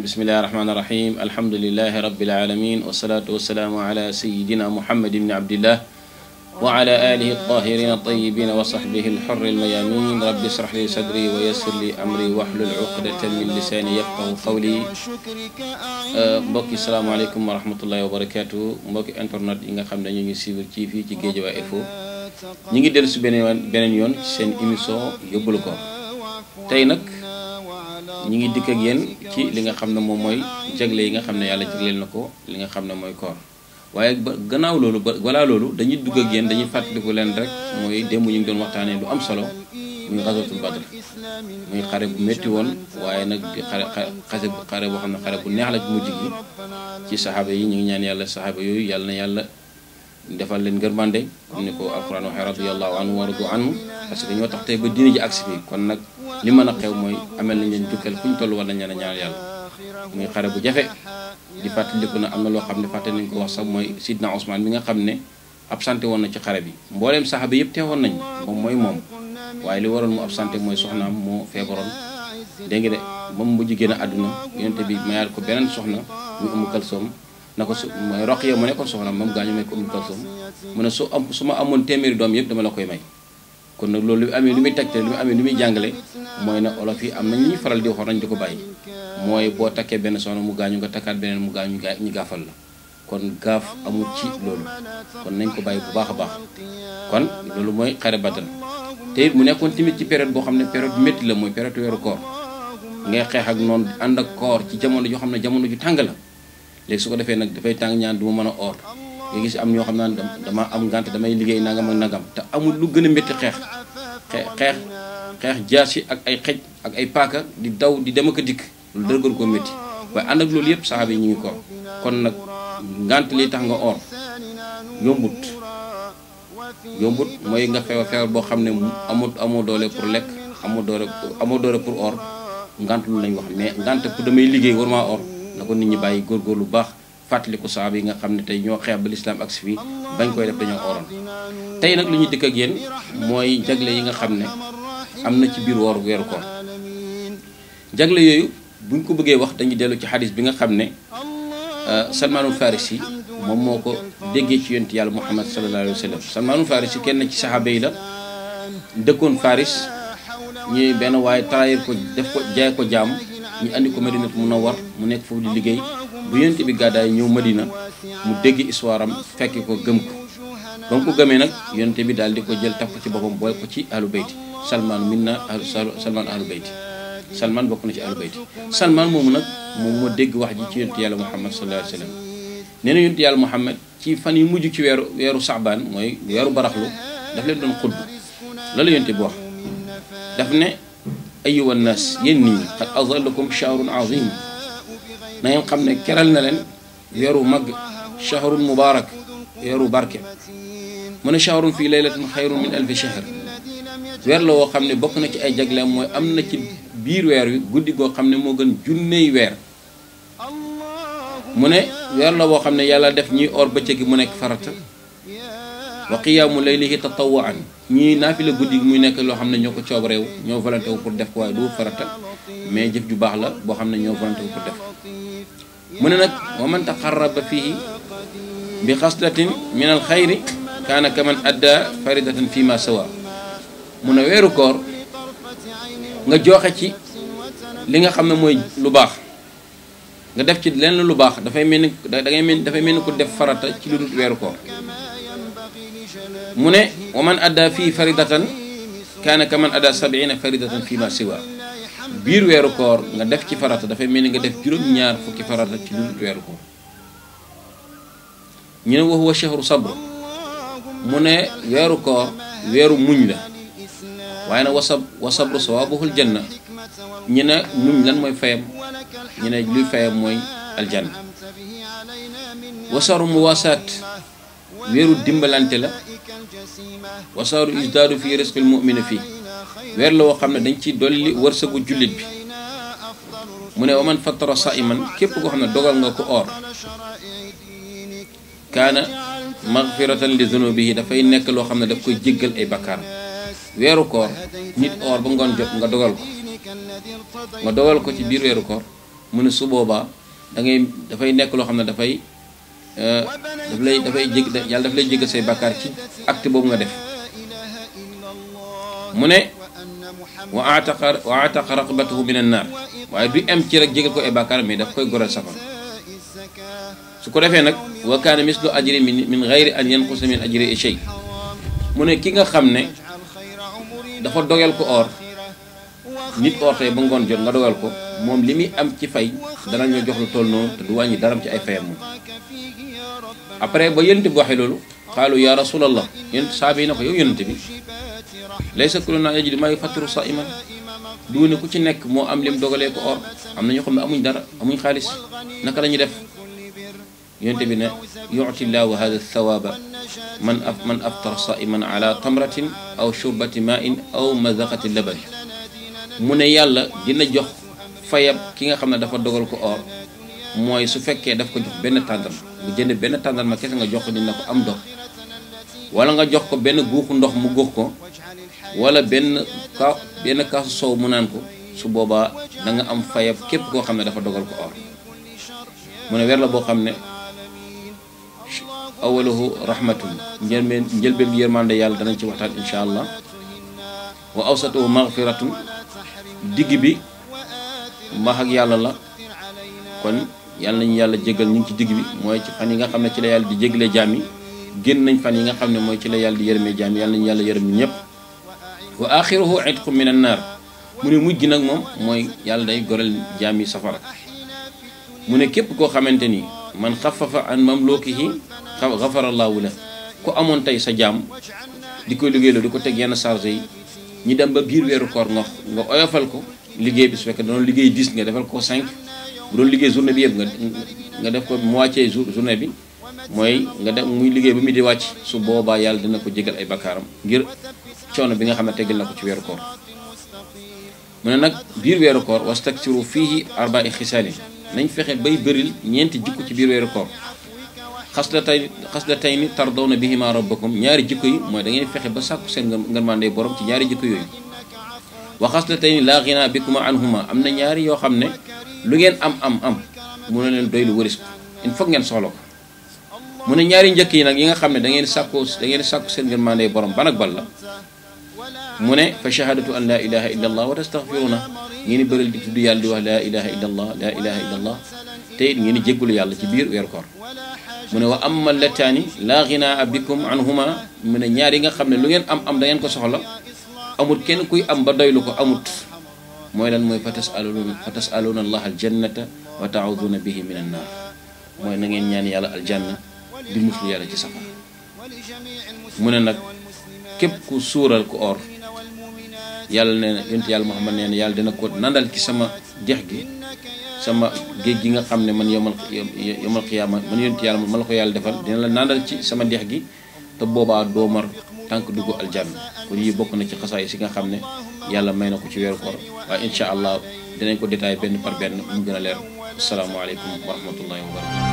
بسم الله الرحمن الرحيم الحمد لله رب العالمين والصلاة والسلام على سيدنا محمد بن عبد الله وعلى آله الطاهرين الطيبين وصحبه الحر الميامين رب اشرح لي صدري ويسر لي أمري واحلل عقدة من لساني يفقه قولي بوكي السلام عليكم ورحمة الله وبركاته بوكي انترنت إنك خمنا نيجي سيفر تيفي تيجي جوا إفو نيجي درس بنيون سين إميسو يبلغو تينك ñi ngi dikk ak yéen ci li nga xam ne moom mooy jagle yi nga xam ne yàlla jagleel na ko li nga xam ne mooy koor waaye ba gannaaw loolu ba balaa loolu dañuy dugg ak yéen dañuy fàttaliku leen rek mooy démb ñu ngi doon waxtaanee lu am solo muy xasatul badr muy xare bu métti woon waaye nag xare xase xare boo xam ne xare bu neex la ci mujj gi ci saxaaba yi ñu ngi ñaan yàlla saxaaba yooyu yàlla na yàlla defal leen ngërmande comme ko alquran waxee radiyallahu anhu wa anhu parce que kon nag li mën a xew mooy amel nañ leen jukkal fu ñu toll war nañ leen a ñaan yàlla muy xare bu jafe di fàttaliku na am na loo xam ne fàtte nañ ko wax sax mooy sidna Ousmane mi nga xam ne absenté woon na ci xare bi mbooleem saxaaba yëpp teewoon nañ moom mooy moom waaye li waroon mu absenté mooy soxnaam moo feebaroon dégg nga de ba mu mujj génn àdduna yonente bi mayaat ko beneen soxna ñu Umu Kalsoom na ko su mooy roq yow ma nekkoon soxnaam moom gaañu may ko Umu Kalsoom mu ne su am su ma amoon téeméeri doom yëpp dama la koy may kon nag loolu lu amee lu muy tegte lu amee lu muy jàngale mooy ne olof yi am na ñuy faral di waxoon nañ di ko bàyyi mooy boo takkee benn soxna mu gaañu nga takkaat beneen mu gaañu ñu gaafal la kon gaaf amul ci loolu kon nañ ko bàyyi bu baax a baax kon loolu mooy xare Badar te mu nekkoon timit ci période boo xam ne période métti la mooy période weeru koor ngay xeex ak noonu ànd ak koor ci jamono joo xam ne jamono ju tàng la léegi su ko defee nag dafay tàng ñaan du mën a oor nga gis am ñoo xam naan dama am ngànt damay liggéey nangam ak nangam te amul lu gën a métti xeex xeex xeex jaasi ak ay xej ak ay paaka di daw di dem ak dikk lu dara gën koo métti waaye ànd ak loolu yëpp saxaaba yi ñu ko kon nag ngant li tax nga or yombut yombut mooy nga feebar feebar boo xam ne amoo amoo doole pour lekk amoo doole amoo doole pour or ngant lu lañ wax mais ngant pour damay liggéey war maa na ko nit ñi bàyyi góorgóor lu baax fàttaliku saxaaba yi nga xam ne tey ñoo xeex ba lislaam ak si fii bañ koy def dañoo oroon tey nag lu ñu dikk ak yéen mooy jagle yi nga xam ne am na ci biir woor weeru koor jagle yooyu buñ ko bëggee wax dañuy dellu ci xadis bi nga xam ne euh, salmaanul farisi moom moo ko déggee ci yonent yàlla muhammad sallallahu alayhi wa sallam salmaanul farisi kenn ci saxaaba yi la dëkkoon faris ñuy benn waaye trahir ko def ko jaay ko jaam ñu andi ko madinatu munawwar mu nekk foofu di liggéey bu yonent bi gàddaay ñëw madina mu dégg histoire am ko gëm ko ba mu ko gëmee nag yonente bi daal di ko jël tapp ci boppam boole ko ci ahlu bayti salman min na salman ahlu bayti salman bokk na ci ahlu bayti salman moomu nag moom moo dégg wax ji ci yonente yàlla muhammad sallallahu alayhi wa sallam nee na yonente yàlla muhammad ci fan yu mujj ci weeru weeru saxbaan mooy weeru baraxlu daf leen doon xutb loolu yonente bi wax daf ne ayuha nnaas yéen nii qad azalakum shahrun azim na ngeen xam ne keral na leen weeru mag shahrun mubarak weeru barke mu ne chahrun fii laylatin xayrun min alfi chahr weer la woo xam ne bokk na ci ay jagleem mooy am na ci biir weer wi guddi goo xam ne moo gën junney weer mu ne weer la woo xam ne yàlla def ñiy or bëccëg gi mu nekk farata wa qiyaamu laylihi tatawaan ñii naafila guddi muy nekk loo xam ne ñoo ko coob réew ñoo volonté wu ko waaye du mais jëf ju baax la boo xam ne ñoo volonté wu mu ne nag wa man taqarraba fihi bi xaslatin min al kaana kaman adda faridatan fi ma sawa mu ne weeru koor nga joxe ci li nga xam ne mooy lu baax nga def ci lenn lu baax dafay mel ni da ngay mel dafay mel ni ku def farata ci lu dul weeru koor mu ne wa man adda fii faridatan kaana man adda sabiina faridatan fi ma siwa biir weeru koor nga def ci farata dafay mel ni nga def juróom-ñaar fukki farata ci lu dul weeru koor ñu ne wa huwa shahru sabr mu ne weeru koor weeru muñ la waaye nag wasab wasabru sawabuhul janna ñu ne muñ lan mooy fayam ñu ne luy fayam mooy aljanna wasaru muwasaat weeru dimbalante la wasaaru isdaadu fii risqil mu'mina fii weer la woo xam ne dañ ci dolli wërsëgu jullit bi mu ne waman fattara sa képp koo xam ne dogal nga ko or magfiratan li zunubihi dafay nekk loo xam ne daf koy jéggal ay bakkaar weeru koor nit oor ba ngoon jot nga dogal ko nga dogal ko ci biir weeru koor mu ne su boobaa da dafay nekk loo xam ne dafay euh, daf lay dafay jég yàlla daf lay jéggal say bakkaar ci act boobu nga def mu ne wa ataqa wa ataqa raqabatahu min an naar waaye du am ci rek jégal ko ay bakkaar mais daf koy goral safara su ko defee nag wa kaana mislu ajri min min gayri an yanqusa min ajri shay mu ne ki nga xam ne dafa dogal ko or nit or tey ba ngoon jot nga dogal ko moom li muy am ci fay danañu jox lu toll noonu te du wàññi daram ci ay fayam moom après ba yonent bi waxee loolu qaalu ya rasulallah yonent saaba yi na ko yow yonent bi laysa kulluna yajidu maa yufattiru saa'iman du ne ku ci nekk moo am lim dogalee ko or am na ñoo xam ne amuñ dara amuñ xaalis naka lañu def يندبنا يعطي الله هذا الثواب من من افطر صائما على تمرة او شربة ماء او مذاقة اللبن من يالا دينا جوخ فايب كيغا خامنا دا فا دوغال كو اور موي سو فكيه داف كو جوخ بن تاندرما مو جند بن تاندرما كيسا nga جوخ دي نكو ام دو ولا nga جوخ كو بن غوخ ندوخ مو غوخ كو ولا بن كا بن كاس سو مو نان كو su booba da nga am fayab képp koo xam ne awaluhu rahmatun njëlbeen njëlbeen bi yërmande yàlla danañ ci waxtaan incha allah wa awsatuhu maghfiratun digg bi mbaax yàlla la kon yàlla nañu yàlla jégal ñu ngi ci digg bi mooy ci yi nga xam ne ci la yàlla di jégalee jaam yi nañ fan yi nga xam ne mooy ci la yàlla di yërmee jaam yi yàlla yàlla yërëm ñëpp wa axiruhu itqu min mu ne mujj nag moom mooy yàlla day goreel jaam yi safara mu ne képp koo xamante ni man xafafa an mamlukihi xafarallaahu la ku amoon tey sa jàmm di ko liggéey la du ko teg yenn chargé yi ñi dem ba biir weeru koor nga nga oyofal ko liggéey bi su fekkee da liggéey 10 nga defal ko cinq bu doon liggéey journée bi yëpp nga nga def ko moitié journée bi mooy nga def muy liggéey ba mu di wàcc su boobaa yàlla dina ko jegal ay bakkaaram ngir coono bi nga xam ne tegal na ko ci weeru koor mu ne nag biir weeru koor wastaksiru fiihi arba'i xisaalin nañ fexe bay bëril ñeenti jikko ci biir weeru koor xaslatay xaslatayni tardawna bihima rabbakum ñaari jikko yi mooy da ngeen fexe ba sàkku seen ngërmande borom ci ñaari jikko yooyu wa xaslatayni laa xinaa bikuma anhuma am na ñaari yoo xam ne lu ngeen am am am mu ne leen doy lu wëris ko il faut ngeen soxla ko mu ne ñaari njëkk yi nag yi nga xam ne da ngeen sàkku da ngeen sàkku seen ngërmande borom ban nag ban la mu ne fa shahadatu an laa ilaha illa allah wa tastaxfiruuna ngeen bëral di tudd yàlla di wax laa ilaha illa allah laa ilaha te it ngeen jéggulu yàlla ci biir weer koor mu ne wa amma lataani laa ginaa bikum anhuma mu ne ñaar yi nga xam ne lu ngeen am am dangeen ko soxla amut kenn kuy am ba doylu ko amut mooy lan mooy fa tasaluuna fa tasaluuna allah aljannata wa bi bihi min annaar mooy na ngeen ñaan yàlla aljanna di muslu yàlla ci safar mu ne nag képp ku suural ku or yàlla nee na yonent yàlla Muhammad nee na yàlla dina ko nandal ci sama dex gi sama géej gi nga xam ne man yomal yomal xiyaama man yonti yàlla ma la ko yàlla defal dina la naandal ci sama dex gi te boobaa doo mar tànk dugg aljanna kon yi bokk na ci xasaay si nga xam ne yàlla may na ko ci weeru koor waaye incha allah dinañ ko détaillé benn par benn mu gën a leer asalaamaaleykum wa rahmatullahi wa barakatu